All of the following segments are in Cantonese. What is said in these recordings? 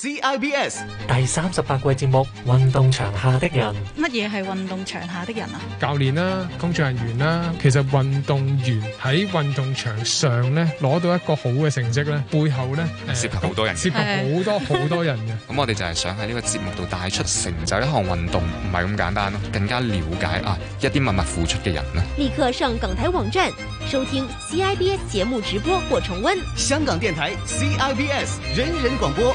CIBS 第三十八季節目《運動場下的人》啊，乜嘢係運動場下的人啊？教練啦、啊，工作人員啦、啊，其實運動員喺運動場上咧，攞到一個好嘅成績咧，背後咧、呃、係涉及好多人，涉及好多好對多人嘅。咁 我哋就係想喺呢個節目度帶出，成就一項運動唔係咁簡單咯、啊，更加了解啊一啲默默付出嘅人啦、啊。立刻上港台網站收聽 CIBS 節目直播或重温。香港電台 CIBS 人人廣播。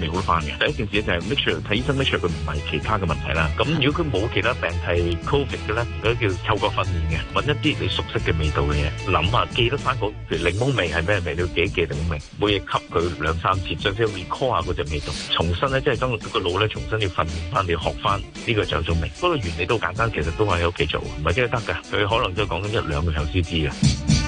未好翻嘅，第一件事咧就係 make sure 睇醫生，make sure 佢唔係其他嘅問題啦。咁如果佢冇其他病係 covid 嘅咧，而家叫透過訓練嘅，揾一啲你熟悉嘅味道嘅嘢，諗下，記得翻嗰譬如檸檬味係咩味？你要記一記檸檬味，每日吸佢兩三次，最少 recall 下嗰隻味道，重新咧即係將個腦咧重新要訓練翻，你要學翻呢個嗅覺味。不過原理都簡單，其實都喺屋企做，唔係真係得㗎，佢可能都講緊一兩個頭先知嘅。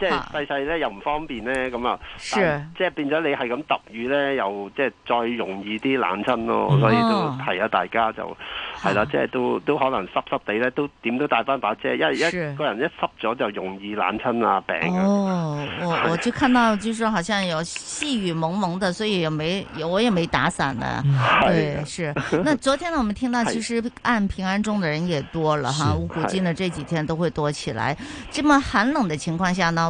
即係細細咧又唔方便咧咁啊，即係變咗你係咁揼雨咧，又即係再容易啲冷親咯，所以都提下大家就係啦，即係都都可能濕濕地咧，都點都帶翻把遮，因為一個人一濕咗就容易冷親啊病啊。哦，我我就看到就是好像有細雨濛濛的，所以沒我也沒打傘的。對，是。那昨天呢，我們聽到其實按平安鐘的人也多了哈，我估計的，這幾天都會多起來，這麼寒冷的情況下呢？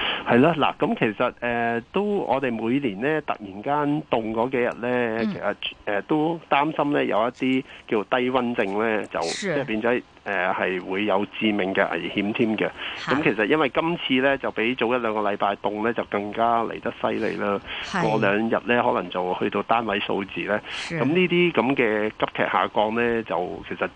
係啦，嗱，咁其實誒、呃、都我哋每年咧突然間凍嗰幾日咧，嗯、其實誒、呃、都擔心咧有一啲叫低溫症咧，就即係的變咗誒係會有致命嘅危險添嘅。咁其實因為今次咧就比早一兩個禮拜凍咧就更加嚟得犀利啦。過的兩日咧可能就去到單位數字咧。咁呢啲咁嘅急劇下降咧，就其實。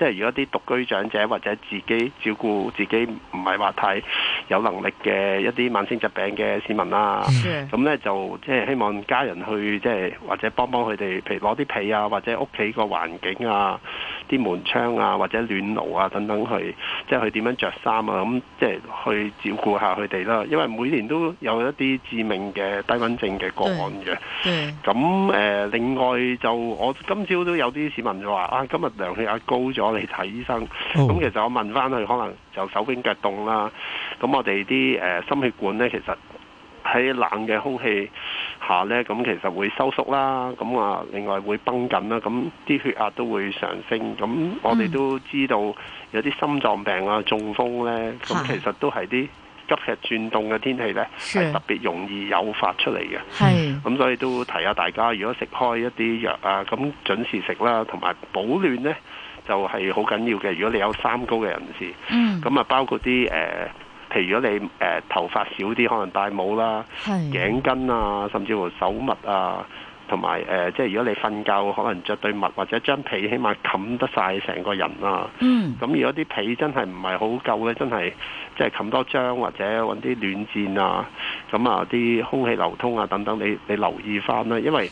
即係如果啲獨居長者或者自己照顧自己唔係話太有能力嘅一啲慢性疾病嘅市民啦，咁咧 Yeah. 就即係希望家人去即係或者幫幫佢哋，譬如攞啲被啊，或者屋企個環境啊、啲門窗啊，或者暖爐啊等等去，去即係去點樣着衫啊，咁即係去照顧下佢哋啦。因為每年都有一啲致命嘅低溫症嘅個案嘅，咁誒 Yeah. Yeah.、呃、另外就我今朝都有啲市民就話啊，今日量血壓高咗。我嚟睇醫生，咁、oh. 其實我問翻佢，可能就手冰腳凍啦。咁我哋啲、呃、心血管呢，其實喺冷嘅空氣下呢，咁其實會收縮啦。咁啊，另外會繃緊啦，咁啲血壓都會上升。咁我哋都知道有啲心臟病啊、中風呢，咁、mm. 其實都係啲急劇轉凍嘅天氣呢，係 Yeah. 特別容易誘發出嚟嘅。咁、mm. 所以都提下大家，如果食開一啲藥啊，咁準時食啦，同埋保暖呢。就係好緊要嘅，如果你有三高嘅人士，咁啊、嗯、包括啲、呃、譬如如果你、呃、頭髮少啲，可能戴帽啦、頸巾啊，甚至乎手襪啊，同埋、呃、即係如果你瞓覺可能着對襪或者張被，起碼冚得曬成個人啊。咁、嗯、如果啲被真係唔係好夠咧，真係即係冚多張或者搵啲暖墊啊。咁啊，啲空氣流通啊等等，你你留意翻啦，因為。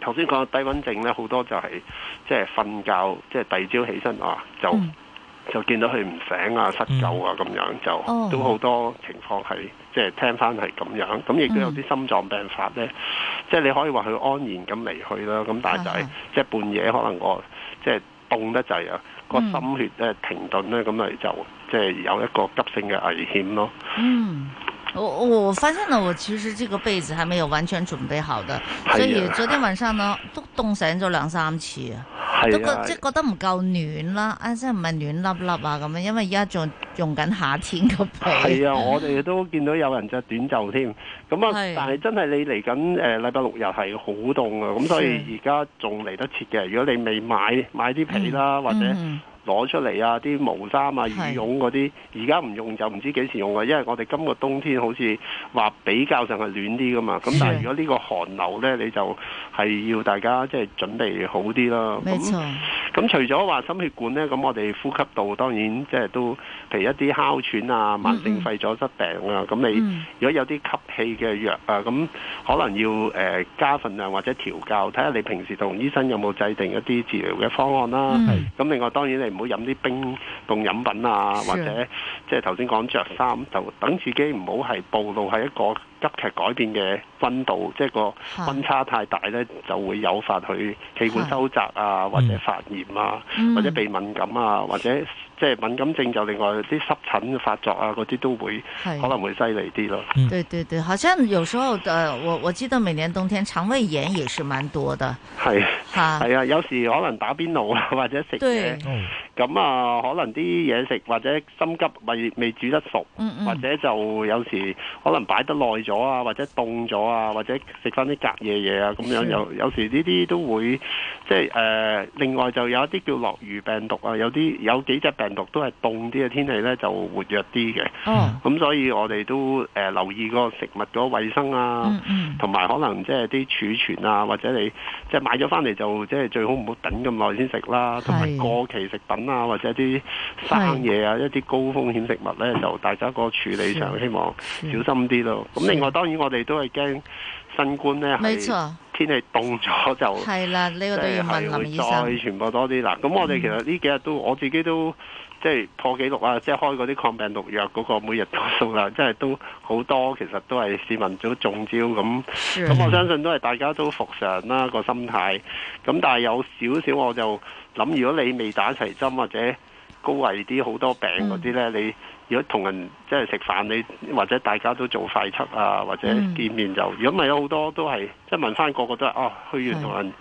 頭先講低溫症咧，好多就係即係瞓覺，即、就、係、是、第二朝起身啊，就、嗯、就見到佢唔醒啊、失救啊咁、嗯、樣，就、哦、都好多情況係即係聽翻係咁樣，咁亦都有啲心臟病發咧，嗯、即係你可以話佢安然咁離去啦，咁但係就係、是、是即係半夜可能我即係凍得滯啊，個心血咧、嗯、停頓咧，咁咪就即係有一個急性嘅危險咯。嗯我我發現了，我其實這個被子還沒有完全準備好的，啊、所以昨天晚上呢都凍醒咗兩三次，啊、都即係覺得唔夠暖啦，啊即係唔係暖笠笠啊咁樣，因為而家仲用緊夏天個被。係啊，我哋都見到有人着短袖添，咁 啊，係啊，但係真係你嚟緊誒禮拜六日係好凍啊，咁所以而家仲嚟得切嘅，如果你未買買啲被啦、嗯、或者。嗯嗯攞出嚟啊！啲毛衫啊、羽絨嗰啲，而家唔用就唔知幾時用啊！因為我哋今個冬天好似話比較上係暖啲噶嘛，咁的但係如果呢個寒流咧，你就係要大家即係準備好啲啦。咁的咁除咗話心血管咧，咁我哋呼吸道當然即係都譬如一啲哮喘啊、慢性肺阻塞病啊，咁、嗯嗯、你如果有啲吸氣嘅藥啊，咁可能要誒、嗯呃、加份量或者調教，睇下你平時同醫生有冇制定一啲治療嘅方案啦。咁的另外當然你。唔好飲啲冰凍飲品啊，或者即係頭先講着衫，就等自己唔好係暴露喺一個急劇改變嘅溫度，即係個溫差太大咧，就會誘發佢氣管收窄啊，或者發炎啊，或者鼻敏感啊，或者即係敏感症，就另外啲濕疹發作啊，嗰啲都會可能會犀利啲咯。對對對，好像有時候誒，我我記得每年冬天腸胃炎也是蠻多的。係，係啊，有時可能打邊爐啊，或者食嘢。咁啊，可能啲嘢食或者心急未未煮得熟，嗯嗯或者就有時可能擺得耐咗啊，或者凍咗啊，或者食翻啲隔夜嘢啊，咁樣的有有時呢啲都會即係誒、呃。另外就有啲叫諾如病毒啊，有啲有幾隻病毒都係凍啲嘅天氣咧就活躍啲嘅。咁、哦嗯、所以我哋都、呃、留意個食物嗰個衛生啊，同埋、嗯嗯、可能即係啲儲存啊，或者你即係、就是、買咗翻嚟就即係、就是、最好唔好等咁耐先食啦，同埋過期食品。啊，或者啲生嘢啊，一啲高風險食物呢，就大家個處理上希望的小心啲咯。咁的另外，當然我哋都係驚新冠呢，係的天氣凍咗就係啦。呢個都要問林醫生。再傳播多啲啦。咁我哋其實呢幾日都，我自己都即係破紀錄啊！即係開嗰啲抗病毒藥嗰個每日都數量啦，即係都好多。其實都係市民都中招咁。咁的我相信都係大家都復常啦個心態。咁但係有少少我就。諗如果你未打齊針或者高危啲好多病嗰啲呢，嗯、你如果同人即係食飯，你或者大家都做快測啊，或者見面就，如果咪有好多都係即係問翻個個都係哦，去完同人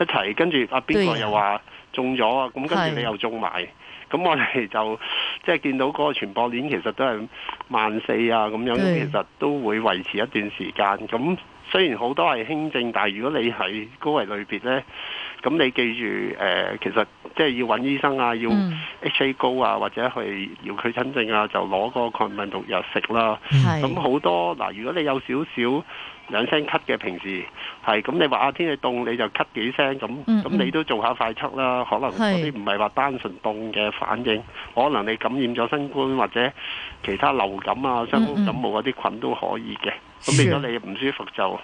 一齊，跟住阿邊個又話中咗啊，咁跟住你又中埋，咁是我哋就即係見到嗰個傳播鏈其實都係萬四啊咁樣，對其實都會維持一段時間。咁雖然好多係輕症，但如果你係高危類別呢。咁你記住、呃、其實即係要揾醫生啊，要 HA 高啊，或者去要佢診症啊，就攞個抗病毒藥食啦。咁好、嗯、多嗱，是如果你有少少兩聲咳嘅，平時係咁，你話啊天氣凍你就咳幾聲，咁咁、嗯、你都做下快測啦。可能嗰啲唔係話單純凍嘅反應，是可能你感染咗新冠或者其他流感啊、新冠感冒嗰啲菌都可以嘅。咁變咗你唔舒服就。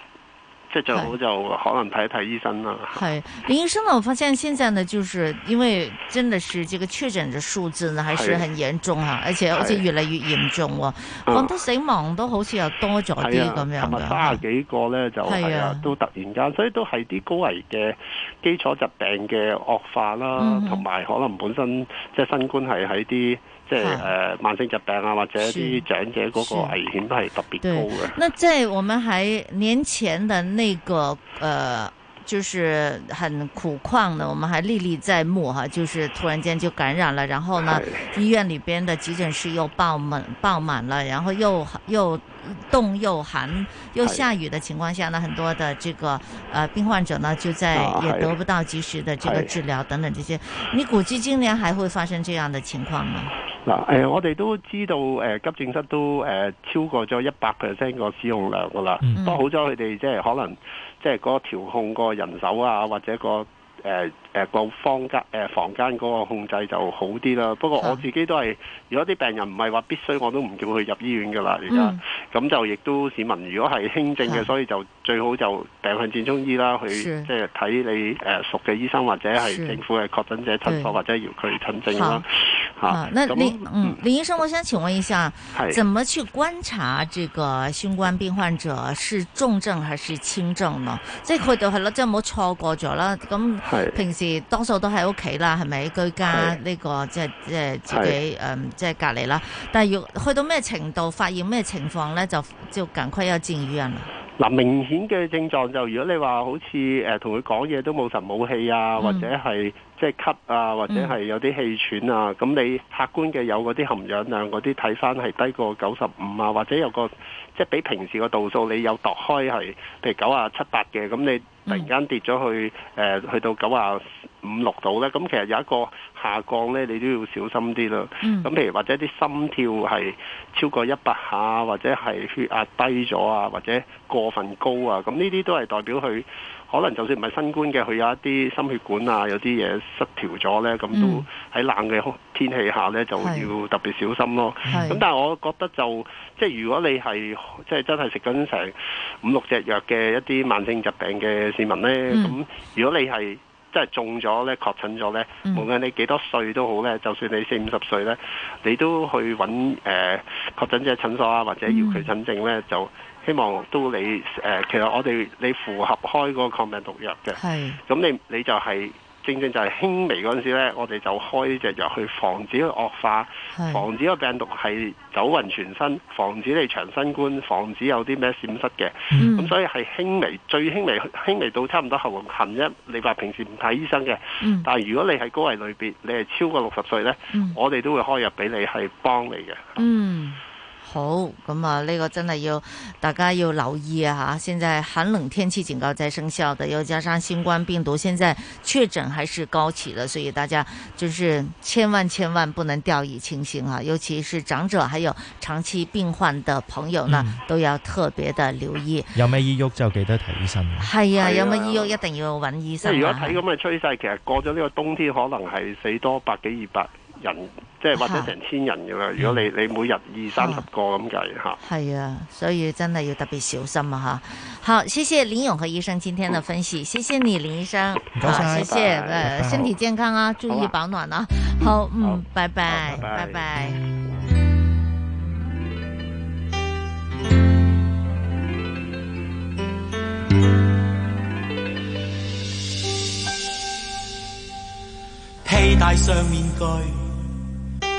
即係最好就可能睇一睇醫生啦、啊。係，林醫生呢，我發現現在呢，就是因為真的是這個確診嘅數字呢，還是很嚴重啊，是而且好似越嚟越嚴重喎、啊，講得是死亡都好似又多咗啲咁樣啦。幾十幾個咧就係啊，啊啊都突然間，所以都係啲高危嘅基礎疾病嘅惡化啦，同埋、嗯、哼可能本身即係新冠係喺啲。誒，是慢性疾病啊，啊或者一啲長者嗰個危險都係特別高嘅。那在我們還年前的那個呃，就是很苦曠的，我們還歷歷在目哈。就是突然間就感染了，然後呢，是醫院裏邊的急診室又爆滿，爆滿了，然後又又凍又寒又下雨的情況下呢，呢是很多的這個呃，病患者呢就在也得不到及時的這個治療等等這些。你估計今年還會發生這樣的情況嗎？嗱、嗯呃，我哋都知道，誒、呃，急症室都誒、呃、超過咗一百 percent 個使用量噶啦，不過、嗯、好咗佢哋即係可能，即係個調控個人手啊，或者、那個誒誒、呃呃、房間、呃、房間嗰個控制就好啲啦。不過我自己都係，是如果啲病人唔係話必須，我都唔叫佢入醫院噶啦。而家咁就亦都市民，如果係輕症嘅，是所以就最好就病向淺中醫啦，是去即係睇你誒熟嘅醫生或者係政府嘅確診者診所是或者要佢診症啦。啊，那林嗯林醫生，我想請問一下，係、嗯，怎麼去觀察這個新冠病患者是重症還是輕症呢？即係佢哋係咯，即係唔好錯過咗啦。咁 平時多數都喺屋企啦，係咪居家呢、這個即係即係自己誒，即係隔離啦。但係要去到咩程度，發現咩情況咧，就就趕快要進醫院啦。嗱，明顯嘅症狀就、如果你好、呃、話好似同佢講嘢都冇神冇氣啊，嗯就是、啊，或者係即係咳啊，或者係有啲氣喘啊，咁、嗯、你客觀嘅有嗰啲含氧量嗰啲睇返係低過九十五啊，或者有個即係比平時個度數你有度開係譬如九啊七八嘅，咁你突然間跌咗去、嗯呃、去到九啊。五六度呢，咁其實有一個下降呢，你都要小心啲咯。咁、嗯、譬如或者啲心跳係超過一百下，或者係血壓低咗啊，或者過分高啊，咁呢啲都係代表佢可能就算唔係新冠嘅，佢有一啲心血管啊，有啲嘢失調咗呢，咁都喺冷嘅天氣下呢，就要特別小心咯。咁但係我覺得就即係如果你係即係真係食緊成五六隻藥嘅一啲慢性疾病嘅市民呢，咁、嗯、如果你係即係中咗咧，確診咗咧，無論你幾多歲都好咧，嗯、就算你四五十歲咧，你都去揾誒、呃、確診者診所啊，或者要佢診症咧，就希望都你誒、呃，其實我哋你符合開個抗病毒藥嘅，咁是你你就係、係。正正就係輕微嗰陣時咧，我哋就開呢隻藥去防止惡化，是防止個病毒係走勻全身，防止你長新冠，防止有啲咩閃失嘅。咁、嗯嗯、所以係輕微，最輕微，輕微到差唔多喉痕啫。你話平時唔睇醫生嘅，嗯、但係如果你係高危類別，你係超過六十歲呢，嗯、我哋都會開藥俾你係幫你嘅。嗯。好，咁啊呢個真係要大家要留意啊吓！現在寒冷天氣警告在生效的，又加上新冠病毒，現在確診還是高企的，所以大家就是千萬千萬不能掉以輕心啊！尤其是長者，還有長期病患的朋友呢，都要特別的留意。有咩醫郁，就記得睇醫生。係啊，有咩醫郁一定要揾醫生，啊啊。如果睇咁嘅趨勢，其實過咗呢個冬天，可能係死多百幾二百。人即係或者成千人噶啦，如果你你每日二三十個咁計吓，係啊，所以真係要特別小心啊吓。好，謝謝林永和醫生今天的分析，謝謝你林醫生。好，謝謝，誒，身體健康啊，注意保暖啊。好，嗯，拜拜，拜拜。披戴上面具。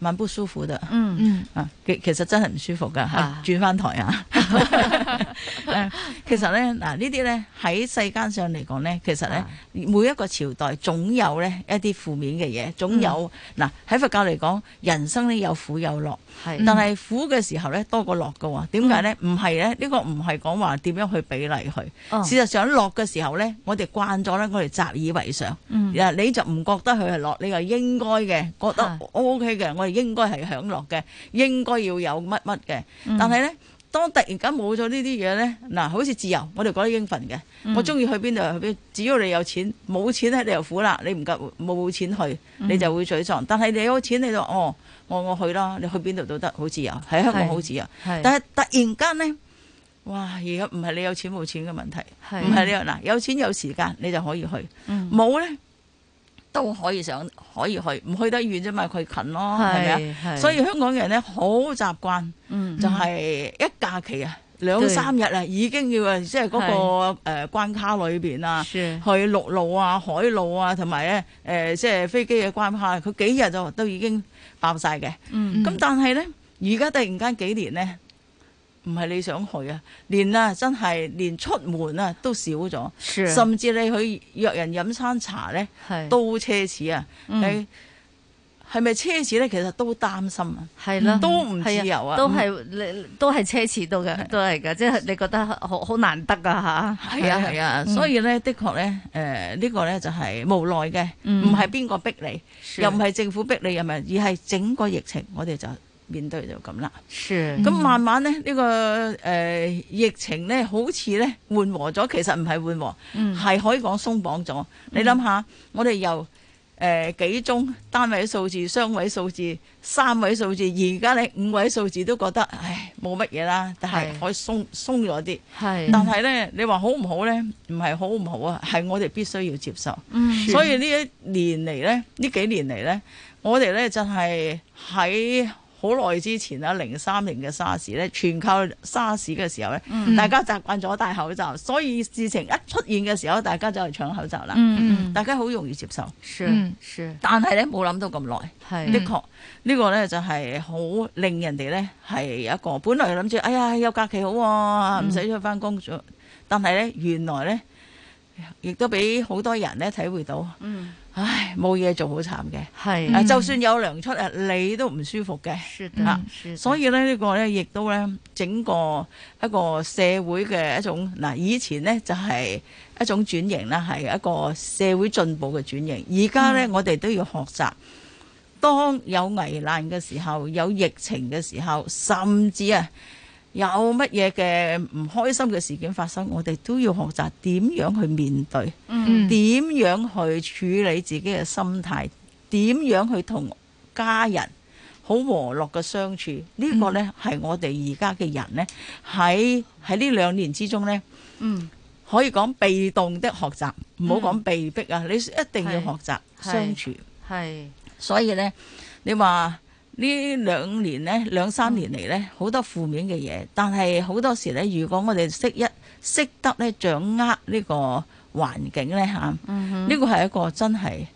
蠻不舒服的嗯嗯啊，其其實真係唔舒服噶吓，轉翻台啊。其實咧，嗱呢啲咧喺世間上嚟講咧，其實咧每一個朝代總有咧一啲負面嘅嘢，總有嗱喺佛教嚟講，人生咧有苦有樂，係，但係苦嘅時候咧多過樂嘅話，點解咧？唔係咧，呢個唔係講話點樣去比例佢，事實上樂嘅時候咧，我哋慣咗咧，我哋習以為常，你就唔覺得佢係樂，你就應該嘅，覺得 O K 嘅，我。應該係享樂嘅，應該要有乜乜嘅。嗯、但係咧，當突然間冇咗呢啲嘢咧，嗱，好似自由，我哋講得應份嘅。嗯、我中意去邊度去邊，只要你有錢，冇錢咧你又苦啦。你唔夠冇錢去，你就會沮喪。嗯、但係你有錢你就哦，我我去啦，你去邊度都得，好自由，喺香港好自由。是但係突然間咧，哇！而家唔係你有錢冇錢嘅問題，唔係是你嗱，有錢有時間你就可以去，冇咧、嗯。都可以上，可以去，唔去得遠啫嘛，佢近咯，係咪啊？所以香港人咧好習慣，嗯、就係一假期啊，兩三日啊，2, 對已經要啊，即係嗰個誒關卡裏邊啊，是去陸路啊、海路啊，同埋咧誒，即、呃、係、就是、飛機嘅關卡，佢幾日就都已經爆晒嘅。咁、嗯嗯、但係咧，而家突然間幾年咧。唔係你想去啊，連啊真係連出門啊都少咗，甚至你去約人飲餐茶咧都奢侈啊！你係咪奢侈咧？其實都擔心啊，係咯，都唔自由啊，都係你都係奢侈到嘅，都係嘅，即係你覺得好好難得啊吓！係啊係啊，所以咧，的確咧，誒呢個咧就係無奈嘅，唔係邊個逼你，又唔係政府逼你，又唔係，而係整個疫情，我哋就。面對就咁啦，咁、嗯、慢慢呢，呢、呢個、呃、疫情呢，好似呢緩和咗，其實唔係緩和，係、嗯、可以講鬆綁咗。嗯、你諗下，我哋由誒幾宗單位數字、雙位數字、三位數字，而家你五位數字都覺得唉冇乜嘢啦，但係可以鬆是鬆咗啲。但係呢，你話好唔好呢？唔係好唔好啊？係我哋必須要接受。嗯，所以呢一年嚟呢，呢幾年嚟呢，我哋呢，就係喺。好耐之前啦，零三年嘅沙士，咧，全靠沙士嘅時候咧，嗯、大家習慣咗戴口罩，所以事情一出現嘅時候，大家就係搶口罩啦。嗯、大家好容易接受，是是，但係咧冇諗到咁耐，的確呢個咧就係好令人哋咧係一個本來諗住哎呀有假期好，啊，唔使去翻工作，嗯、但係咧原來咧亦都俾好多人咧體會到。嗯唉，冇嘢做好慘嘅，係啊，就算有糧出啊，你都唔舒服嘅，係啊，係啊，所以呢呢個呢，亦都呢，整個一個社會嘅一種嗱，以前呢，就係一種轉型啦，係一個社會進步嘅轉型，而家呢，我哋都要學習，當有危難嘅時候，有疫情嘅時候，甚至啊，有乜嘢嘅唔開心嘅事件發生，我哋都要學習點樣去面對，點、嗯、樣去處理自己嘅心態，點樣去同家人好和樂嘅相處。呢、呢個呢係我哋而家嘅人呢，喺喺呢兩年之中呢，可以講被動的學習，唔好講被逼啊！你一定要學習相處。係，所以呢，你話。呢兩年呢，兩三年嚟呢，好多負面嘅嘢。但係好多時呢，如果我哋識一識得咧，掌握呢個環境呢，嚇、嗯哼，呢個係一個真係，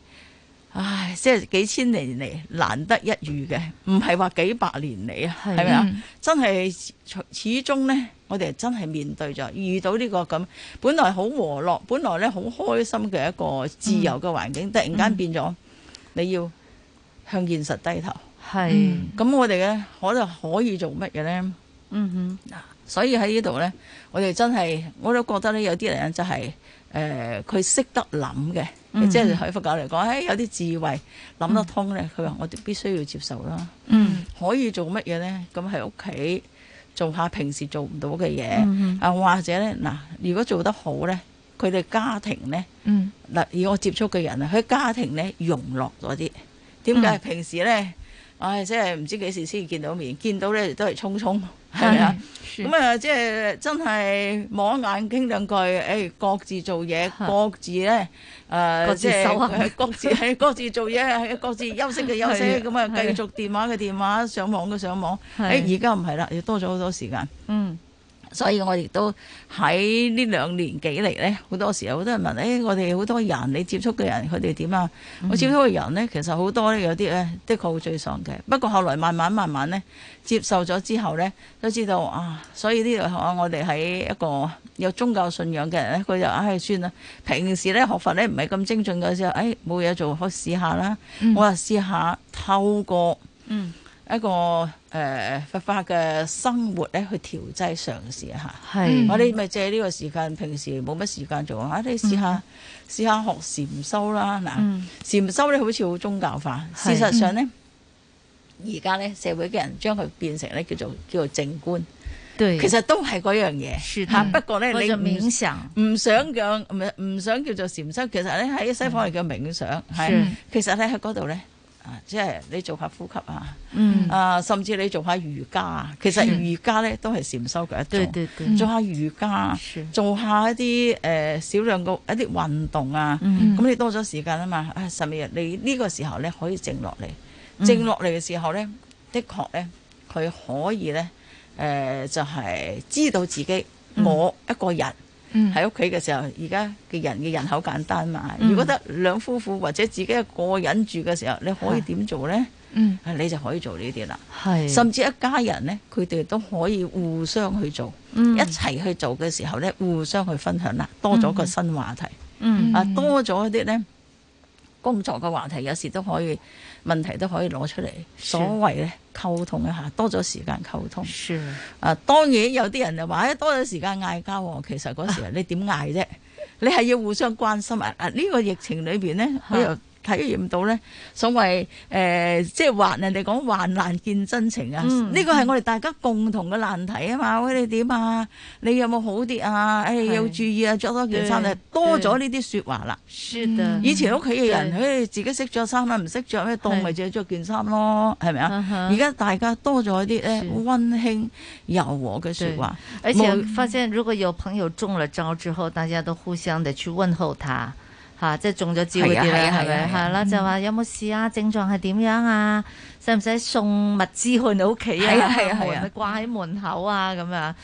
唉，即係幾千年嚟難得一遇嘅，唔係話幾百年嚟啊，係咪啊？嗯、真係始始終咧，我哋真係面對咗遇到呢個咁，本來好和樂，本來呢好開心嘅一個自由嘅環境，突然間變咗，你要向現實低頭。係咁，嗯嗯、我哋咧可就可以做乜嘢咧？嗯哼，嗱，所以喺呢度咧，我哋真係我都覺得咧，有啲人咧就係、是、誒，佢、呃、識得諗嘅，即係喺佛教嚟講，誒、哎，有啲智慧諗、嗯、得通咧。佢話我哋必須要接受啦。嗯，可以做乜嘢咧？咁喺屋企做下平時做唔到嘅嘢，啊、嗯哼，或者咧嗱，如果做得好咧，佢哋家庭咧，嗱、嗯，以我接觸嘅人啊，佢家庭咧融落咗啲。點解？嗯、平時咧？唉、哎，即係唔知幾時先見到面，見到咧都係匆匆，係咪啊？咁啊的、嗯，即係真係望一眼傾兩句，誒、哎，各自做嘢，各自咧，誒的自、呃，即係各自喺 各自做嘢，各自休息就休息，咁啊的，繼續電話嘅電話，的上網嘅上網，誒的，而家唔係啦，要多咗好多時間，嗯。所以我亦都喺呢兩年幾嚟呢，好多時候好多人問，誒、哎，我哋好多人，你接觸嘅人佢哋點啊？Mm hmm. 我接觸嘅人呢，其實好多呢，有啲呢，的確好沮喪嘅。不過後來慢慢慢慢呢，接受咗之後呢，都知道啊，所以呢度我我哋喺一個有宗教信仰嘅人呢，佢就唉算啦。平時呢，學佛呢唔係咁精進嘅時候，誒冇嘢做，可試一下啦。Mm hmm. 我話試一下透過。Mm hmm. 一個誒佛法嘅生活咧，去調劑嘗試一下。我哋咪借呢個時間，平時冇乜時間做啊！你試下試下學禪修啦，嗱，禪修咧好似好宗教化。事實上咧，而家咧社會嘅人將佢變成咧叫做叫做靜觀，其實都係嗰樣嘢嚇。不過咧，你冥想唔想讓唔想叫做禪修，其實咧喺西方係叫冥想，係其實咧喺嗰度咧。啊！即係你做下呼吸啊，嗯、啊，甚至你做下瑜伽啊。其實瑜伽咧是都係禪修嘅一種，對對對，做下瑜伽，是做下一啲誒少量嘅一啲運動啊。咁、嗯、你多咗時間啊嘛啊，甚、哎、至你呢個時候咧可以靜落嚟，靜落嚟嘅時候咧，的確咧佢可以咧誒、呃，就係、是、知道自己我一個人。嗯喺屋企嘅時候，而家嘅人嘅人口簡單嘛，如果得兩夫婦或者自己一個人住嘅時候，你可以點做呢？嗯是，你就可以做呢啲啦。係是，甚至一家人呢，佢哋都可以互相去做，嗯、一齊去做嘅時候呢，互相去分享啦，多咗個新話題。嗯，啊、嗯，多咗啲呢工作嘅話題，有時都可以。問題都可以攞出嚟，所謂咧溝通一下，多咗時間溝通。是啊，當然有啲人就話咧，多咗時間嗌交，其實嗰時候你點嗌啫？ 你係要互相關心啊！啊，呢個疫情裏邊咧， 我又。體驗到咧，所謂誒，即係話人哋講患難見真情啊！呢個係我哋大家共同嘅難題啊嘛！喂，你點啊？你有冇好啲啊？誒，要注意啊，着多件衫啊！多咗呢啲說話啦。以前屋企嘅人，誒，自己識着衫啊，唔識着咩？凍咪就着件衫咯，係咪啊？而家大家多咗啲咧溫馨柔和嘅說話。而且發現，如果有朋友中咗招之後，大家都互相地去問候他。吓！即係中咗招嗰啲咧，係咪？係啦，就話有冇事啊？症狀係點樣啊？使唔使送物資去你屋企啊？係啊係啊，掛喺門口啊咁樣，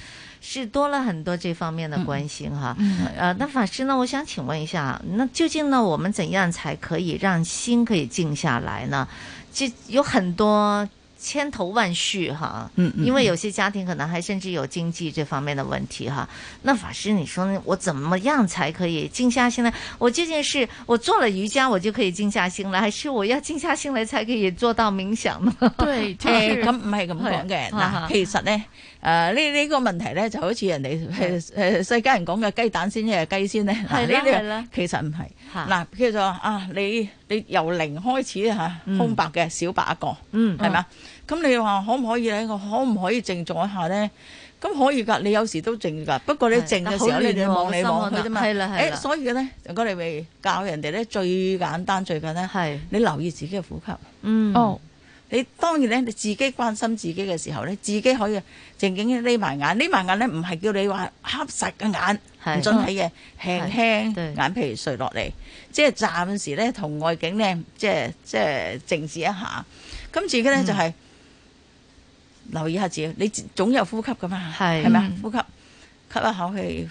是多了很多這方面的關心哈。誒，那法師呢？我想請問一下，那究竟呢，我們怎樣才可以讓心可以靜下來呢？就有很多。千頭萬緒哈，因為有些家庭可能還甚至有經濟這方面的問題哈。嗯嗯、那法師，你說我怎麼樣才可以靜下心來？我究竟是我做了瑜伽我就可以靜下心來，還是我要靜下心來才可以做到冥想呢？對，咁唔係咁講嘅嗱，是欸、麼其實呢。誒，呢呢、啊，這個問題咧，就好似人哋誒誒，世間人講嘅雞蛋先定係雞先咧？係啦係啦，其實唔係。嗱叫做啊，你你由零開始吓、啊，空白嘅小白一個，係咪啊？咁你話可唔可以咧？我可唔可以靜坐一下咧？咁可以噶，你有時都靜噶。不過你靜嘅時候，你望你望佢啫嘛。好寧係啦係誒，所以咧，我哋咪教人哋咧，最簡單最緊咧，的你留意自己嘅呼吸。嗯。哦。Oh. 你當然咧，你自己關心自己嘅時候咧，自己可以靜靜匿埋眼，匿埋眼咧，唔係叫你話黑曬個眼，唔的准睇嘅，的輕輕眼皮垂落嚟，即係暫時咧同外景咧，即係即係靜止一下。咁自己咧就係留意下自己，你總有呼吸噶嘛，係咪啊？呼吸吸一口氣。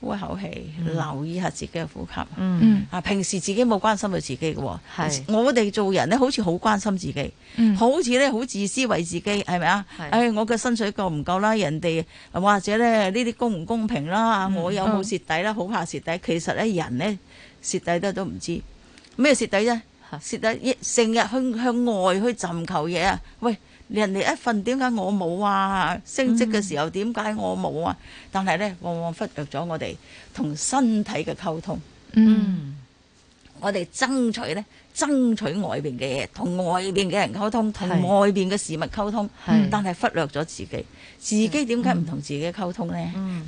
呼一口氣，留意下自己嘅呼吸。嗯嗯，啊，平時自己冇關心佢自己嘅喎。係，我哋做人咧，好似好關心自己，嗯、好似咧好自私為自己，係咪啊？係。誒，我嘅薪水夠唔夠啦？人哋或者咧呢啲公唔公平啦？我有冇蝕底啦？好怕蝕底。嗯、其實咧，人咧蝕底得都唔知咩蝕底啫，蝕底成日向向外去尋求嘢啊！喂。人哋一份點解我冇啊？升職嘅時候點解我冇啊？但係咧，往往忽略咗我哋同身體嘅溝通。嗯，我哋爭取咧。爭取外邊嘅嘢，同外邊嘅人溝通，同外邊嘅事物溝通，是但係忽略咗自己。自己點解唔同自己溝通呢？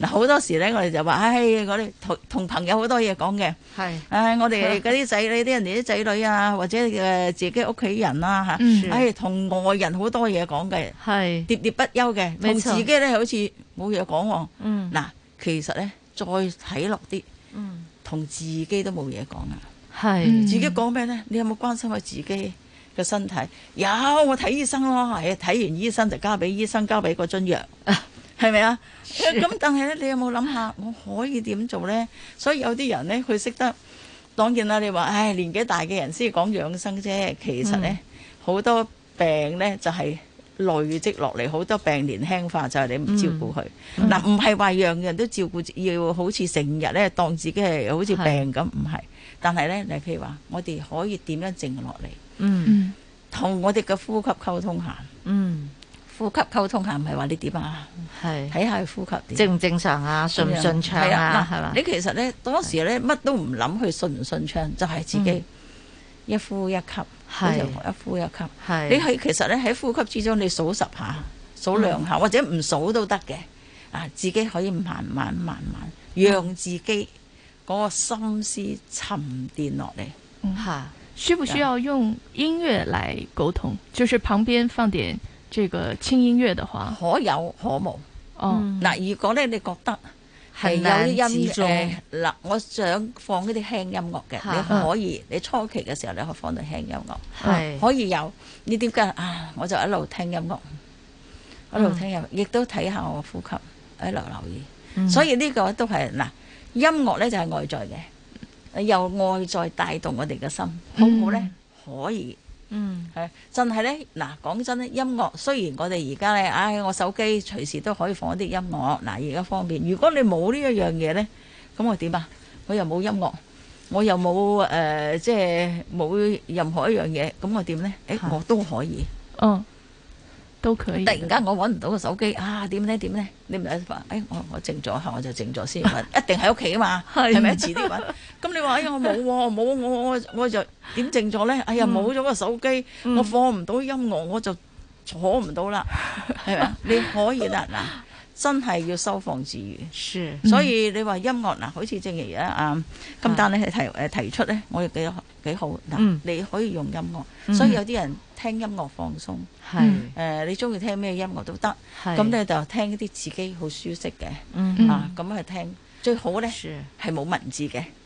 嗱，好、嗯、多時咧、哎是哎，我哋就話，唉的，我哋同同朋友好多嘢講嘅。係，唉，我哋嗰啲仔女、啲人哋啲仔女啊，或者嘅自己屋企人啊，嚇是，唉、哎，同外人好多嘢講嘅，喋喋是不休嘅，同自己咧好似冇嘢講喎。嗱的，嗯、其實咧再睇落啲，同自己都冇嘢講啊。係是自己講咩咧？你有冇關心過自己嘅身體？有我睇醫生咯，係睇完醫生就交俾醫生，交俾個樽藥，係咪啊？咁 但係咧，你有冇諗下我可以點做咧？所以有啲人咧，佢識得當然啦。你話唉，年紀大嘅人先講養生啫，其實咧好、嗯、多病咧就係、是、累積落嚟，好多病年輕化就係、是、你唔照顧佢嗱，唔係話人人都照顧，要好似成日咧當自己係好似病咁，唔係是。不但係咧，你譬如話，我哋可以點樣靜落嚟？嗯，同我哋嘅呼吸溝通下。嗯，呼吸溝通下唔係話你點啊？係睇下呼吸點正唔正常啊？順唔順暢啊？係嘛？你其實咧當時咧乜都唔諗，去順唔順暢，就係自己一呼一吸，係一呼一吸，係你係其實咧喺呼吸之中，你數十下、數兩下，或者唔數都得嘅。啊，自己可以慢慢慢慢讓自己。我心思沉澱落嚟，吓、嗯，需唔需要用音樂嚟溝通？就是旁邊放點這個輕音樂的話，可有可無。哦，嗱、嗯，如果咧你覺得係有啲音樂，嗱、呃，我想放一啲輕音樂嘅，哈哈你可以，你初期嘅時候你可以放到輕音樂，係是、嗯、可以有。你點解啊？我就一路聽音樂，一路聽音樂，亦、嗯、都睇下我呼吸，一路留意。嗯、所以呢個都係嗱。呃音樂咧就係外在嘅，由外在帶動我哋嘅心，嗯、好唔好咧？可以，嗯，係，真係咧。嗱、啊，講真咧，音樂雖然我哋而家咧，唉、哎，我手機隨時都可以放一啲音樂，嗱、啊，而家方便。如果你冇呢一樣嘢咧，咁我點啊？我又冇音樂，我又冇誒，即係冇任何一樣嘢，咁我點咧？誒，我都可以，嗯。哦都突然間我揾唔到個手機啊，點咧？點咧？你唔使煩，誒我我靜咗下，我就靜咗先， 一定喺屋企啊嘛，係咪啊？遲啲揾？咁你話哎呀，我冇喎，冇我我我就點靜咗咧？哎呀冇咗個手機，嗯、我放唔到音樂我就坐唔到啦，係咪？你可以啦嗱。真係要收放自如，嗯、所以你話音樂嗱，好似正如而家啊金丹咧提誒、呃、提出咧，我亦幾幾好嗱，啊嗯、你可以用音樂，嗯、所以有啲人聽音樂放鬆，誒你中意聽咩音樂都得，咁是你就聽一啲自己好舒適嘅，嗯、啊咁去聽，最好咧係冇文字嘅。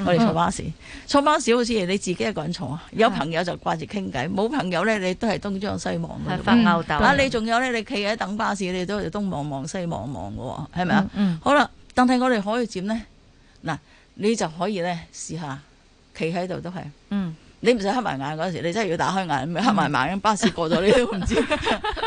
嗯、我哋坐巴士，坐巴士好似你自己一個人坐啊，有朋友就掛住傾偈，冇朋友咧你都係東張西望嘅。係發吽哣、嗯、啊！你仲有咧？你企喺等巴士，你都係東望望西望望嘅喎，係咪啊？嗯嗯、好啦，但係我哋可以點咧？嗱，你就可以咧試下，企喺度都係。嗯。你唔使黑埋眼嗰陣時，你真係要打開眼，黑埋眼、嗯、眼，巴士過咗你都唔知，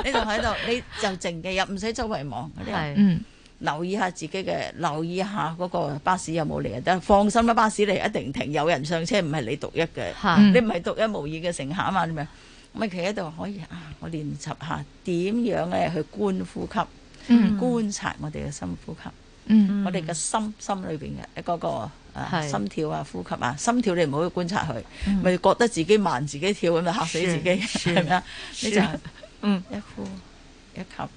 你就喺度，你就靜嘅，又唔使周圍望啲。係。嗯。留意下自己嘅，留意下嗰個巴士有冇嚟啊！得，放心啦，巴士嚟一定停，有人上車，唔係你獨一嘅。是你唔係獨一無二嘅乘客啊嘛，你咪咪企喺度可以啊，我練習下點樣咧去觀呼吸，嗯、觀察我哋嘅深呼吸。嗯嗯、我哋嘅心心裏邊嘅一個心跳啊、呼吸是啊，心跳，心跳你唔好去觀察佢，咪、嗯、覺得自己慢自己跳咁就嚇死自己係咪啊？你就是 一呼一吸。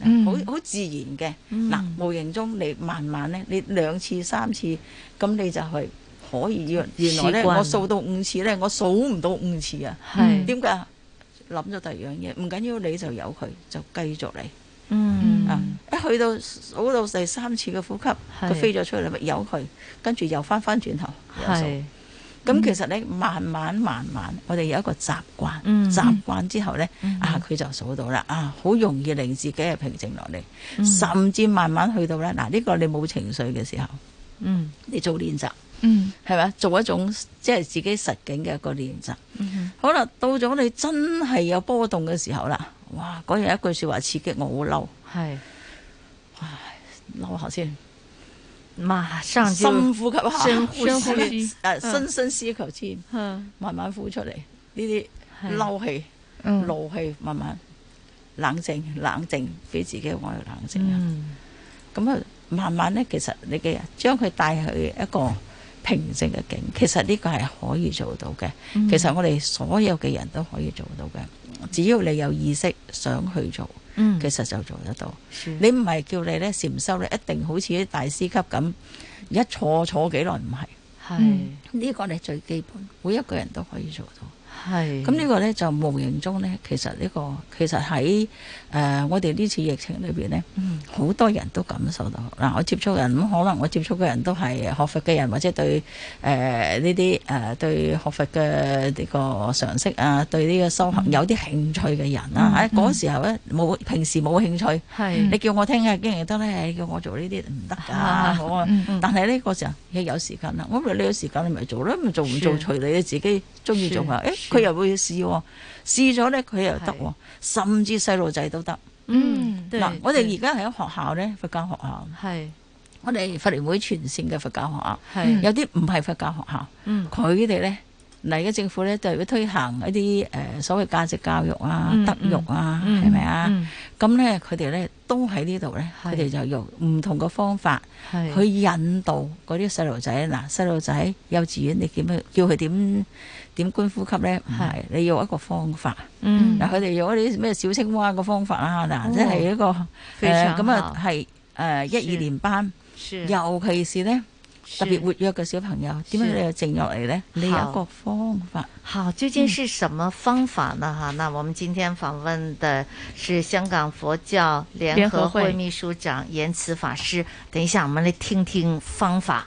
好好、嗯、自然嘅，嗱、嗯，無形中你慢慢咧，你兩次三次，咁你就係可以約。原來咧慣，我數到五次咧，我數唔到五次啊。係點解啊？諗咗第二樣嘢，唔緊要，你就由佢，就繼續嚟。嗯啊，一去到數到第三次嘅呼吸，佢飛咗出嚟，咪由佢，跟住又翻翻轉頭。是咁、嗯、其實咧，慢慢慢慢，我哋有一個習慣，嗯嗯、習慣之後呢，嗯嗯、啊佢就數到啦，啊好容易令自己係平靜落嚟，嗯、甚至慢慢去到咧，嗱、啊、呢、呢個你冇情緒嘅時候，嗯，你做練習，嗯，係咪做一種即係、即係、自己實境嘅一個練習，嗯、好啦，到咗你真係有波動嘅時候啦，哇！嗰日一句説話刺激我好嬲，係，唉！嬲到好馬上呼深呼吸，深呼誒， 深深思求，先、嗯，慢慢呼出嚟呢啲嬲氣、氣的怒氣，慢慢冷靜，嗯、冷靜俾自己我哋冷靜啊！咁啊、嗯，慢慢咧，其實你嘅人將佢帶去一個平靜嘅境，其實呢個係可以做到嘅。其實我哋所有嘅人都可以做到嘅，嗯、只要你有意識想去做。嗯、其實就做得到，是的你唔係叫你咧禪修咧，你一定好似啲大師級咁，一坐坐幾耐唔係？係呢的、嗯呢個你最基本，每一個人都可以做到。係咁的呢個咧就無形中咧，其實呢、呢個其實喺。誒、呃，我哋呢次疫情裏邊咧，好、嗯、多人都感受到。嗱，我接觸人咁，可能我接觸嘅人都係學佛嘅人，或者對誒呢啲誒對學佛嘅呢個常識啊，對呢個修行、嗯、有啲興趣嘅人啦。喺嗰、嗯、是時候咧，冇平時冇興趣是你，你叫我聽啊，竟然得咧，叫、嗯、我做、嗯、呢啲唔得㗎。但係呢個時候有時間啦，我咪有時間你咪做咯，做唔做隨你是，自己中意做啊。誒是，佢又會試喎、哦。試咗咧，佢又得喎，甚至細路仔都得。嗯，嗱，我哋而家喺學校咧，佛教學校。係，我哋佛聯會全線嘅佛教學校。係，有啲唔係佛教學校。佢哋咧，嚟嘅政府咧就要推行一啲誒所謂價值教育啊、德育啊，係咪啊？咁咧，佢哋咧都喺呢度咧，佢哋就用唔同嘅方法去引導嗰啲細路仔。嗱，細路仔幼稚園，你點樣，叫佢點？點觀呼吸咧，唔係你用一個方法。嗱，佢哋用一啲咩小青蛙個方法啊，嗱，即係一個咁啊，係誒一二年班，尤其是咧特別活躍嘅小朋友，點解你又靜落嚟，咧？你有一個方法。好，究竟是什麼方法呢？哈，那我們今天訪問的是香港佛教聯合會秘書長演慈法師，等一下我們嚟聽聽方法。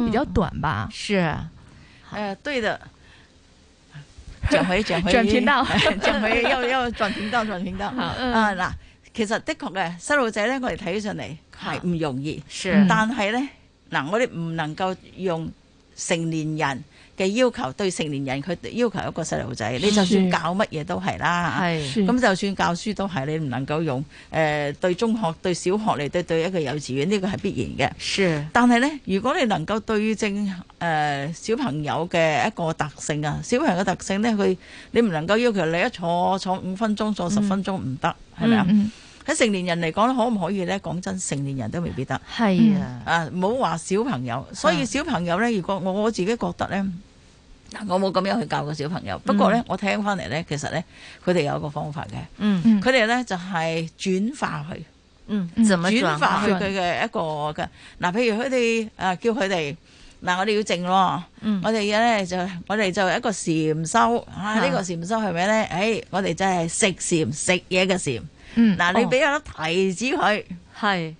嗯、比較短吧，是，誒、呃，對的，轉回轉回轉頻道，轉回又又轉頻道轉頻道啊嗱，其實的確嘅，細路仔咧，我哋睇起上嚟係唔容易，好是，但係咧嗱，我哋唔能夠用成年人。嘅要求對成年人佢要求一個細路仔，是你就算教乜嘢都係啦。係，咁就算教書都係，你唔能夠用誒、呃、對中學對小學嚟對對一個幼稚園呢、這個係必然嘅。是但係呢，如果你能夠對正誒、呃、小朋友嘅一個特性啊，小朋友嘅特性呢，佢你唔能夠要求你一坐坐五分鐘坐十分鐘唔得，係咪啊？喺吧、嗯、成年人嚟講可唔可以呢？講真，成年人都未必得。係啊，嗯、啊冇話小朋友，所以小朋友呢，如果我自己覺得呢。我冇咁樣去教個小朋友，不過咧，我聽翻嚟咧，其實咧，佢哋有個方法嘅。嗯，佢哋咧就係轉化佢，嗯，轉化佢佢嘅一個嘅。嗱，譬如佢哋誒叫佢哋嗱，我哋要靜咯。我哋而家咧就我哋就一個禪修啊，呢個禪修係咩咧？誒，我哋真係食禪食嘢嘅禪。嗱，你俾有粒提子佢，係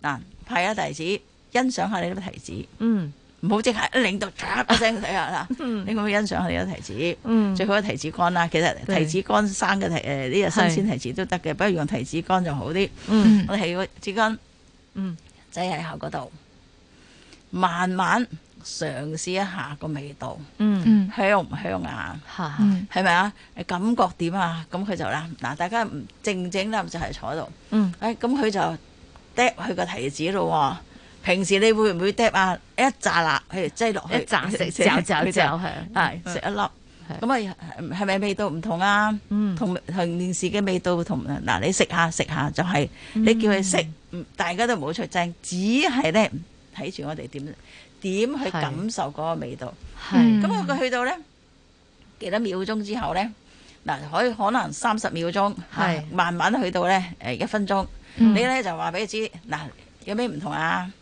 嗱，派下提子，欣賞下你粒提子。嗯。唔好即係一擰到聲，一聲，睇下啦。嗯，你咁樣欣賞佢哋嘅提子，嗯、最好啲提子乾啦。其實提子乾生嘅提，誒呢啲新鮮提子都得嘅，是不如用提子乾就好啲。我哋係咁，嗯，仔喺口嗰度，慢慢嘗試一下個味道。嗯、香唔香啊？吓、嗯，係咪啊？感覺點啊？咁佢就啦，嗱，大家靜靜啦，就係坐喺度。嗯，咁佢、哎、就嗒佢個提子咯。平時你會唔會釣啊？一紮蠟，譬如擠落去一紮食，嚼嚼嚼，係啊，食一粒，咁啊，係咪味道唔同啊？嗯，同同平時嘅味道同嗱，你食下食下就係你叫佢食，大家都唔好出聲，只係咧睇住我哋點點去感受嗰個味道。係，咁啊，佢去到咧幾多秒鐘之後咧，嗱，可以可能三十秒鐘，係慢慢去到咧誒一分鐘。你咧就話俾佢知，嗱，有咩唔同啊？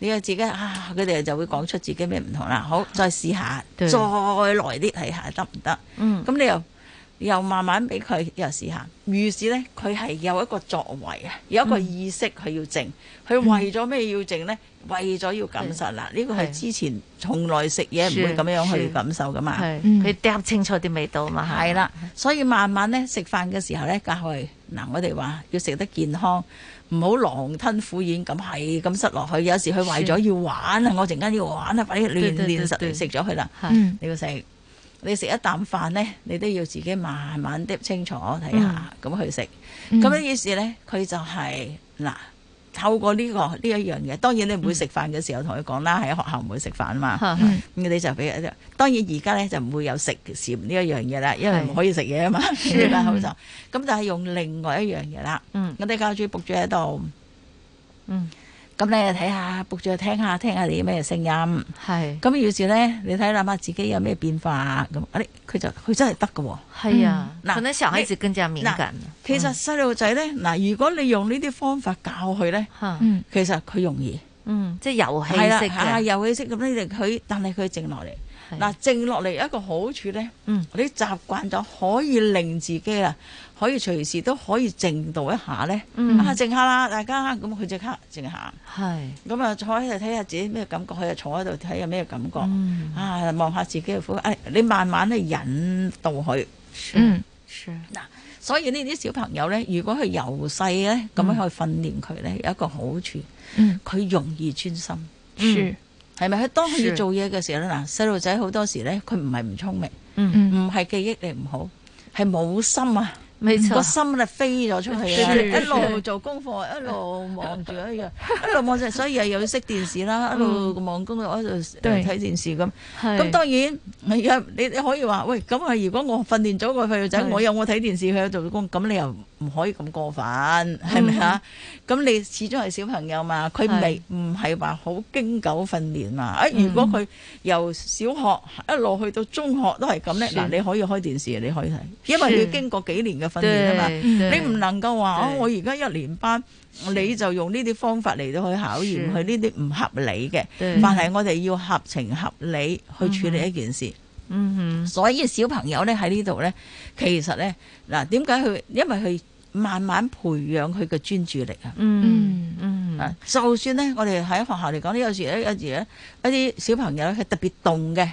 你又自己啊，佢哋就會講出自己咩唔同啦。好，再試下，對再耐啲睇下得唔得？嗯、咁你又。又慢慢俾佢又試下，於是咧佢係有一個作為啊，有一個意識佢要靜，佢、嗯、為咗咩要靜咧？嗯、為咗要感受啦，呢個係之前從來食嘢唔會咁樣去感受噶嘛，佢揼清楚啲味道嘛，係啦，所以慢慢咧食飯嘅時候咧，隔開嗱，我哋話要食得健康，唔好狼吞虎咽咁係咁塞落去。有時佢為咗要玩啊，是我陣間要玩啊，快啲練練食食咗佢啦。你要食。你食一啖飯咧，你都要自己慢慢啲清楚睇下，咁、嗯、去食。咁樣於是咧，佢就係、是、嗱，透過呢、這個呢一樣嘢。當然你唔會食飯嘅時候同佢講啦，喺、嗯、學校唔會食飯啊嘛。咁、嗯、是你就俾，當然而家咧就唔會有食禪呢一樣嘢啦，因為唔可以食嘢啊嘛。咁就咁就係用另外一樣嘢啦。我哋教主仆住喺度。嗯。咁你睇下，撥住聽下，聽下你咩聲音。係是。咁於是咧，你睇諗下自己有咩變化。咁，哎，佢就佢真係得㗎喎。係啊。嗱、啊，嗱你，其實細路仔咧，嗱，如果你用呢啲方法教佢咧，嗯、其實佢容易。嗯。即係遊戲式嘅。係啊，遊戲式咁咧，佢但係佢靜落嚟。嗱、啊，靜落嚟一個好處咧，嗯、你習慣咗可以令自己啊。可以隨時都可以靜度一下咧，啊，靜下啦，大家咁佢即刻靜下，咁，啊坐喺度睇下自己咩感覺，佢就坐喺度睇下咩感覺，啊望下自己嘅苦，你慢慢咧引導佢，嗱，所以呢啲小朋友咧，如果佢由細咧咁樣去訓練佢咧，有一個好處，佢容易專心，係咪？佢當佢要做嘢嘅時候咧，嗱，細路仔好多時咧，佢唔係唔聰明，唔係記憶力唔好，係冇心啊！未錯，個心就飛咗出去一路做功課，一路望住一路望所以又要熄電視啦，一路望功課啊，一路睇電視咁。咁當然，你你可以話喂，咁啊如果我訓練咗個細路仔，我有冇睇電視，佢有做功，咁你又唔可以咁過分，係咪啊？咁你始終係小朋友嘛，佢未唔係話好經久訓練嘛。」如果佢由小學一路去到中學都係咁咧，嗱，你可以開電視，你可以睇，因為佢經過幾年嘅。訓練啊嘛，你唔能夠話哦，我而家一年班，你就用呢啲方法嚟到去考驗佢，呢啲唔合理嘅。但係對我哋要合情合理去處理一件事。嗯，所以小朋友咧喺呢度咧，其實咧嗱，點解佢？因為佢慢慢培養佢嘅專注力啊、嗯。嗯嗯、啊，就算咧，我哋喺學校嚟講呢，有時咧，有時咧，有時一啲小朋友咧，佢特別動嘅，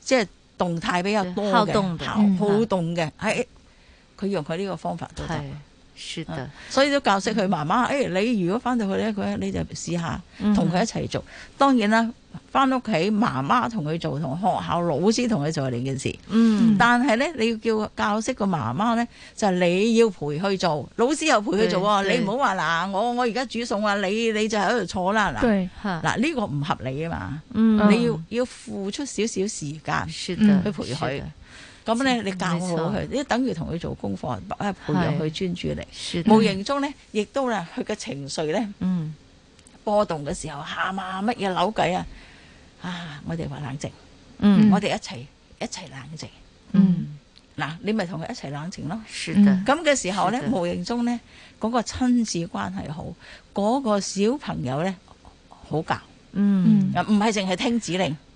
即、就、係、是、動態比較多嘅，好動嘅喺。佢用佢呢個方法都得，所以都教識佢媽媽。誒，你如果翻到去咧，佢你就試下同佢一齊做。當然啦，翻屋企媽媽同佢做，同學校老師同佢做係兩件事。嗯，但係咧，你要叫教識個媽媽咧，就係你要陪佢做，老師又陪佢做。你唔好話嗱，我我而家煮餸啊，你你就喺度坐啦。嗱嗱，呢個唔合理啊嘛。你要要付出少少時間，去陪佢。咁咧，你教好佢，即係等於同佢做功課，培養佢專注力。無形中咧，亦都咧，佢嘅情緒咧，波動嘅時候，喊下乜嘢扭計啊！啊，我哋話冷靜，嗯，我哋一齊一齊冷靜，嗯，嗱，你咪同佢一齊冷靜咯。是的。咁嘅時候咧，無形中咧，嗰個親子關係好，嗰個小朋友咧好教，嗯，唔係淨係聽指令。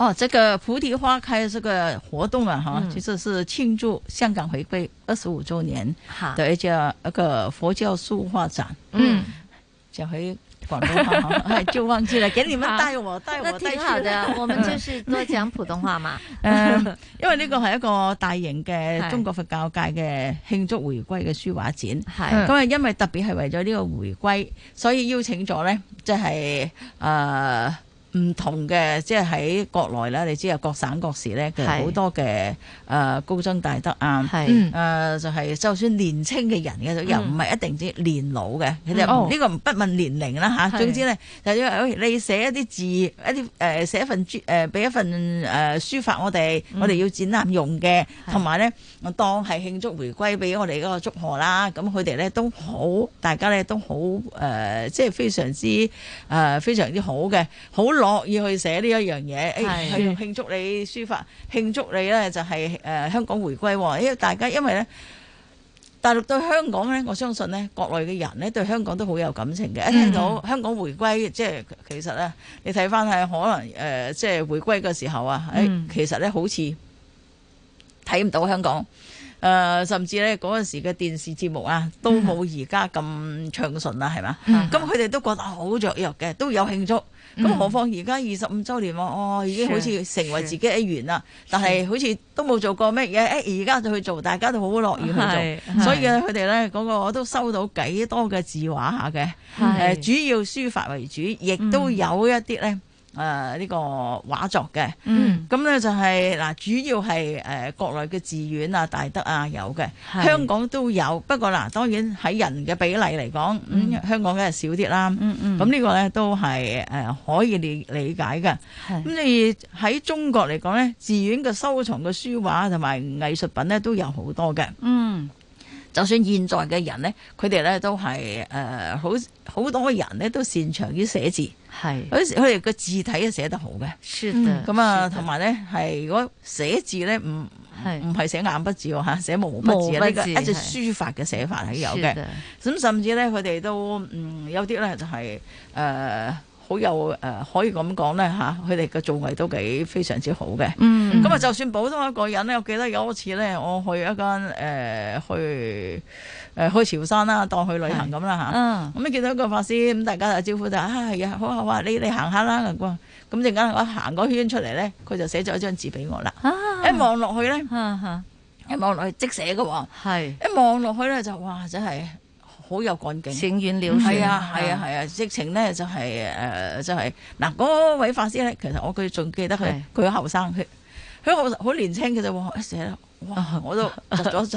哦，這個菩提花開這個活動啊，哈，其實是慶祝香港回歸二十五周年的、嗯、一家那好個佛教書畫展。嗯，講喺廣東話 就忘記了，給你們帶我好帶我。那挺好的，帶我，我們就是多講普通話嘛。誒、嗯 呃，因為呢個係一個大型嘅中國佛教界嘅慶祝回歸嘅書畫展。係咁啊，因為特別係為咗呢個回歸，所以邀請咗呢、就是，即係誒。唔同嘅，即係喺國內咧，你知啊，各省各市咧、嗯，其實好多嘅誒高僧大德啊，係誒就係就算年青嘅人嘅，又唔係一定知年老嘅，其實呢個唔不問年齡啦吓、啊、是總之咧，就你寫一啲字，一啲誒寫一份誒俾一份誒書法我哋，嗯、我哋要展覽用嘅，同埋咧當係慶祝回歸俾我哋個祝賀啦。咁佢哋咧都好，大家咧都好誒、呃、即係非常之誒、呃、非常之好嘅，好。樂意去寫呢一樣嘢，誒、哎，係慶祝你書法，慶祝你咧就係、是、誒、呃、香港回歸、哎。因為大家因為咧，大陸對香港咧，我相信咧，國內嘅人咧對香港都好有感情嘅。一、嗯、哼聽到香港回歸，即係其實咧，你睇翻係可能誒，即係回歸嘅時候啊，誒，其實咧、呃哎嗯、好似睇唔到香港，誒、呃，甚至咧嗰陣時嘅電視節目啊，都冇而家咁暢順啦，係嘛、嗯哼，咁佢哋都覺得好雀躍嘅，都有慶祝。咁何況而家二十五周年、嗯、哦已經好似成為自己一員啦，但係好似都冇做過咩嘢，誒而家就去做，大家都好樂意去做，所以咧佢哋咧嗰個我都收到幾多嘅字畫下嘅，是嗯、主要書法為主，亦都有一啲咧。誒，呢、呃這個畫作嘅，咁咧、嗯嗯、就係、是、嗱，主要係誒、呃、國內嘅寺院啊、大德啊有嘅，是香港都有。不過嗱，當然喺人嘅比例嚟講，香港梗係少啲啦。咁、嗯嗯嗯這個、呢個咧都係誒、呃、可以理理解嘅。咁你喺中國嚟講咧，寺院嘅收藏嘅書畫同埋藝術品咧都有好多嘅。嗯，就算現在嘅人咧，佢哋咧都係誒、呃、好好多人咧都擅長於寫字。係，佢佢哋個字體啊寫得好嘅，咁啊的，同埋咧係如果寫字咧唔唔係寫硬筆字吓，寫毛筆字呢個一種書法嘅寫法係有嘅，咁的甚至咧佢哋都嗯有啲咧就係、是、誒。呃好有誒、呃，可以咁講咧嚇，佢哋嘅造詣都幾非常之好嘅。嗯，咁啊，就算普通一個人咧，我記得有一次咧，我去一間誒、呃、去誒、呃、去潮汕啦，當去旅行咁啦吓，咁你見到一個法師，咁大家就招呼就啊係啊，好啊你你行下啦咁啊。咁陣間我行個圈出嚟咧，佢就寫咗一張字俾我啦。啊、一望落去咧，一望落去即寫嘅喎。是一望落去咧就哇，真係～好有幹勁，寫完了，係啊係啊係啊！直、啊啊、情咧就係、是、誒、呃、就係嗱嗰位法師咧，其實我佢仲記得佢，佢後生，佢佢好年輕嘅啫喎，寫哇我都讀咗一集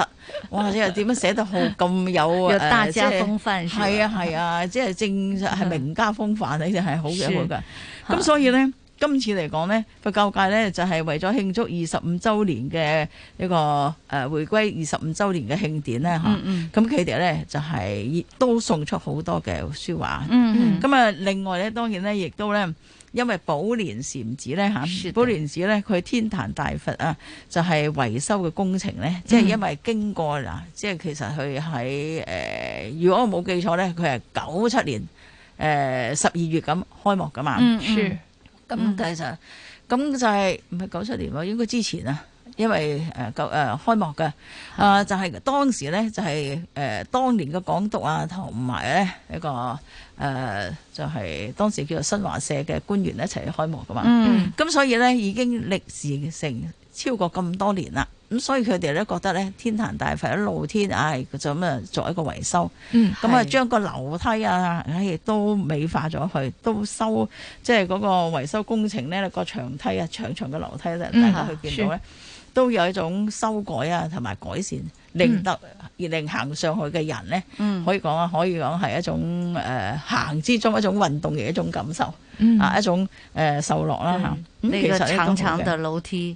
哇你又點樣寫得好咁有有大家風範，係啊係啊，即係正係名家風範，你啲係好嘅好嘅，咁所以咧。今次嚟講呢，佛教界呢就係為咗慶祝二十五周年嘅呢個誒回歸二十五周年嘅慶典呢。吓，咁佢哋呢就係都送出好多嘅書畫。咁啊、嗯嗯，另外呢，當然呢，亦都呢，因為寶蓮禪寺呢，吓的，寶蓮寺呢，佢天壇大佛啊，就係維修嘅工程呢。即係因為經過嗱，即係、嗯、其實佢喺誒，如果我冇記錯呢，佢係九七年誒十二月咁開幕噶嘛。嗯嗯嗯咁、嗯、其實，咁就係唔係九七年喎？應該之前啊，因為誒九、呃呃、開幕嘅，啊、呃、就係、是、當時咧就係、是、誒、呃、當年嘅港督啊，同埋咧一個誒、呃、就係、是、當時叫做新華社嘅官員一齊開幕噶嘛。咁、嗯嗯、所以咧已經歷時成超過咁多年啦。咁、嗯、所以佢哋咧覺得咧天壇大佛喺露天、啊，唉，就咁啊，作一個維修，咁啊、嗯，將個樓梯啊，唉、哎，亦都美化咗佢，都修，即係嗰個維修工程咧，那個長梯啊，長長嘅樓梯呢、嗯、大家去見到咧，是都有一種修改啊，同埋改善，令得而、嗯、令行上去嘅人咧，可以講啊，可以講係一種誒、呃、行之中一種運動嘅一種感受，嗯、啊，一種誒、呃、受落啦、啊、吓。呢個長長的樓梯。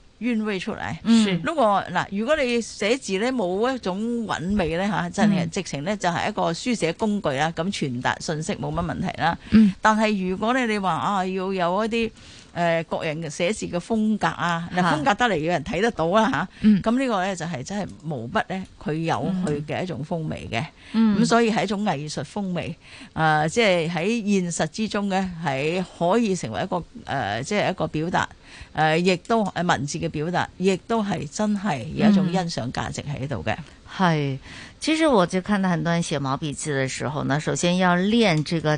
韻味出嚟，嗯，嗰個嗱，如果你寫字咧冇一種韻味咧，吓、啊，真係直情咧就係一個書寫工具啦，咁傳達信息冇乜問題啦。啊、嗯，但係如果咧你話啊要有一啲。誒各、呃、人嘅寫字嘅風格啊，嗱，風格得嚟有人睇得到啦嚇，咁呢個咧就係真係毛筆咧，佢有佢嘅一種風味嘅，咁、嗯嗯、所以係一種藝術風味，誒、呃、即係喺現實之中咧係可以成為一個誒、呃、即係一個表達，誒、呃、亦都文字嘅表達，亦都係真係有一種欣賞價值喺度嘅。係，其實我就看到很多人寫毛筆字嘅時候呢，呢首先要練這個。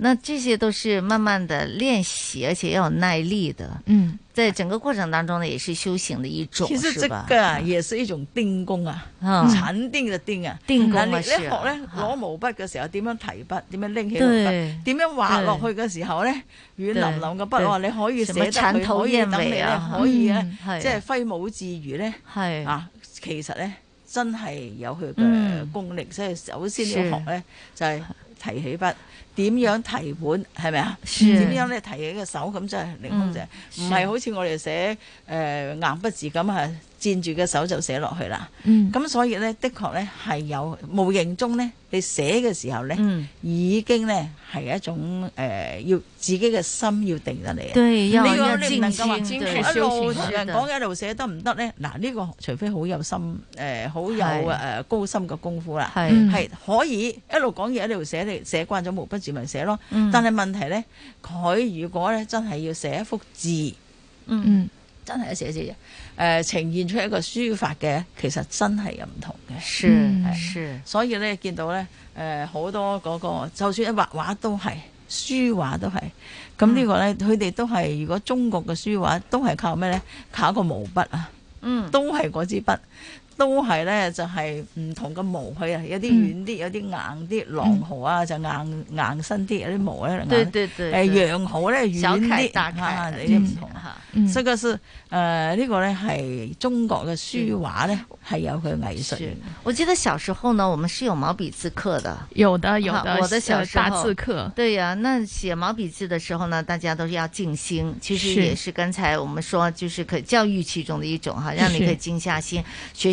那這些都是慢慢的練習，而且要有耐力的。嗯，在整個過程當中呢，也是修行的一種，其實這個也是一種叮功啊，產叮就叮啊。叮功啊，學咧，攞毛筆嘅時候，點樣提筆？點樣拎起毛筆？點樣畫落去嘅時候咧，軟腍腍嘅筆你可以寫得佢可以等你咧，可以啊，即係揮舞自如咧。係啊，其實咧真係有佢嘅功力。所以首先要學咧，就係提起筆。點樣提碗係咪啊？點是樣咧，提起個手，咁真係靈空，唔係好似我哋寫誒、呃、硬筆字咁佔住嘅手就寫落去啦，咁、嗯嗯、所以咧，的確咧係有無形中咧，你寫嘅時候咧，已經咧係一種誒，要、呃、自己嘅心要定得嚟。對，要要專心對。對對一路講嘢一路寫得唔得咧？嗱，呢、呢個除非好有心誒，好、呃、有誒高深嘅功夫啦，係是是可以一路講嘢一路寫，你寫慣咗毛筆字咪寫咯。但係問題咧，佢如果咧真係要寫一幅字，嗯，真係寫一隻字。誒、呃、呈現出一個書法嘅，其實真係有唔同嘅，係，係，係，所以咧見到咧，誒、呃、好多嗰、嗰個，就算係畫畫都係書畫都係，咁呢個咧，佢哋、嗯、都係如果中國嘅書畫都係靠咩咧？靠個毛筆啊，嗯，都係嗰支筆。嗯都係咧，就係唔同嘅毛佢啊，有啲軟啲，有啲硬啲。狼毫啊，就硬硬身啲，有啲毛咧硬。對對對，羊毫咧軟啲啊，有啲唔同吓。所以個是誒呢個咧係中國嘅書畫咧係有佢藝術。我記得小時候呢，我們是有毛筆字課的，有的有的。我的小時候字課，對啊，那寫毛筆字的時候呢，大家都是要靜心，其實也是剛才我們說，就是可以教育其中的一種哈，讓你可以靜下心學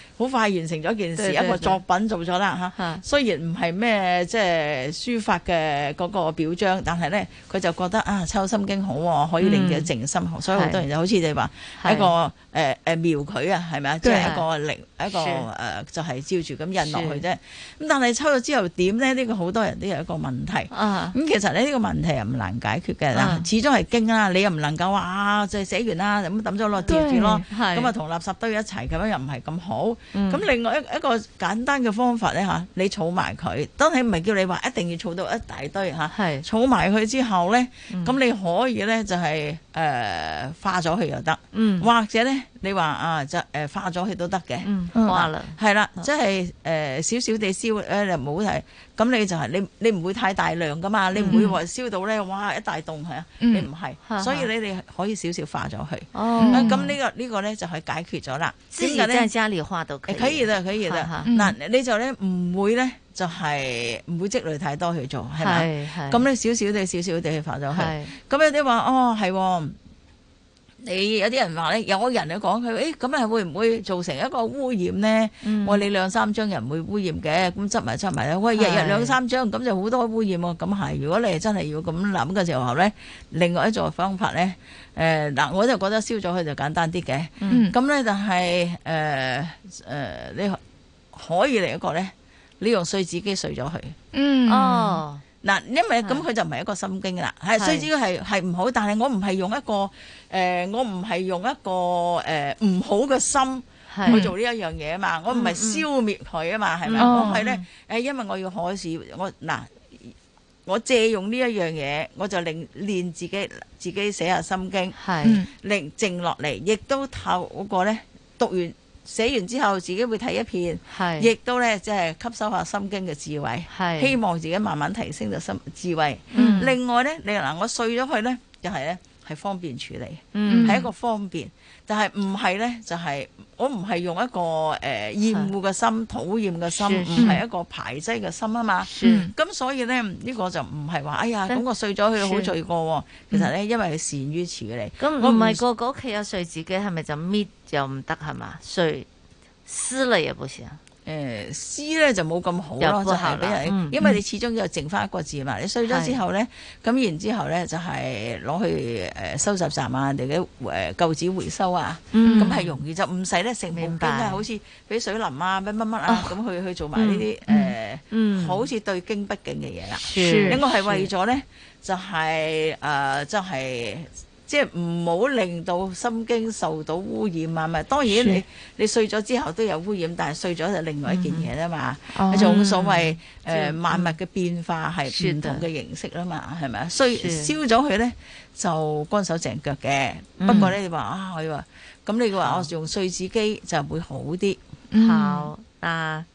好快完成咗件事，一個作品做咗啦嚇。雖然唔係咩即係書法嘅嗰個表彰，但係咧佢就覺得啊，抄《心經》好，可以令到靜心。所以好多人就好似你話一個誒誒描佢啊，係咪啊？即係一個力一個誒，就係照住咁印落去啫。咁但係抄咗之後點咧？呢個好多人都有一個問題。咁其實咧呢個問題又唔難解決嘅啦。始終係經啦，你又唔能夠話啊，就寫完啦咁抌咗落掉住咯。咁啊同垃圾堆一齊咁樣又唔係咁好。咁、嗯、另外一一個簡單嘅方法咧，你儲埋佢，當然唔係叫你話一定要儲到一大堆嚇，儲埋佢之後咧，咁、嗯、你可以咧就係誒花咗佢又得，呃就嗯、或者咧。你話啊，就誒化咗佢都得嘅，化啦，係啦，即係誒少少地燒誒，唔好睇咁，你就係你你唔會太大量噶嘛，你唔會話燒到咧，哇一大棟係啊，你唔係，所以你哋可以少少化咗佢，咁呢個呢個咧就係解決咗啦。之前在家裡化到佢，可以啦可以啦，嗱你就咧唔會咧就係唔會積累太多去做，係咪？咁你少少地少少地化咗佢，咁有啲話哦係，你有啲人話咧，有個人就講佢，誒咁係會唔會造成一個污染咧？嗯、我哋兩三張人唔會污染嘅，咁執埋執埋咧。喂，日日兩三張咁的就好多污染喎、啊。咁係，如果你係真係要咁諗嘅時候咧，另外一種方法咧，誒、呃、嗱，我就覺得燒咗佢就簡單啲嘅。咁咧、嗯，就係誒誒，你可以嚟一個咧，你用碎紙機碎咗佢。嗯，哦。嗱，因為咁佢就唔係一個心經啦，係是，雖之係係唔好。是但係我唔係用一個誒、呃，我唔係用一個誒唔、呃、好嘅心去做呢一樣嘢啊嘛，是我唔係消滅佢啊嘛，係咪？我係咧誒，因為我要考試，我嗱，我借用呢一樣嘢，我就令練自己，自己寫下心經，係是，令靜落嚟，亦都透過咧讀完。寫完之後，自己會睇一遍，亦都咧即係吸收下心經嘅智慧，是希望自己慢慢提升到心智慧。嗯、另外咧，你嗱我睡咗佢咧，就係咧係方便處理，係、嗯、一個方便。但係唔係咧？就係、是、我唔係用一個誒厭、呃、惡嘅心、討厭嘅心，唔係一個排擠嘅心啊嘛。咁、嗯、所以咧，呢、這個就唔係話哎呀，咁是我碎咗佢好罪過、哦。其實咧，因為佢善於處理。嗯、我唔不係個個屋企有碎紙機，係咪就搣又唔得係嘛？碎撕了也不行。誒撕咧就冇咁好咯，就係俾人。因為你始終就剩翻一個字嘛。你碎咗之後咧，咁然之後咧就係攞去收集站啊，或者舊紙回收啊，咁係容易就唔使咧成部經，好似俾水淋啊，乜乜乜啊，咁去去做埋呢啲誒，好似對經不敬嘅嘢啦。應該係為咗咧，就係誒，即係。即係唔好令到心經受到污染啊嘛！當然你你碎咗之後都有污染，但係碎咗就另外一件嘢啦嘛。你仲、嗯、所謂誒萬物嘅變化係唔同嘅形式啦嘛，係咪、嗯嗯、啊？碎燒咗佢咧就乾手淨腳嘅，不過咧你話啊，我話咁你話我用碎紙機就會好啲。啊、嗯。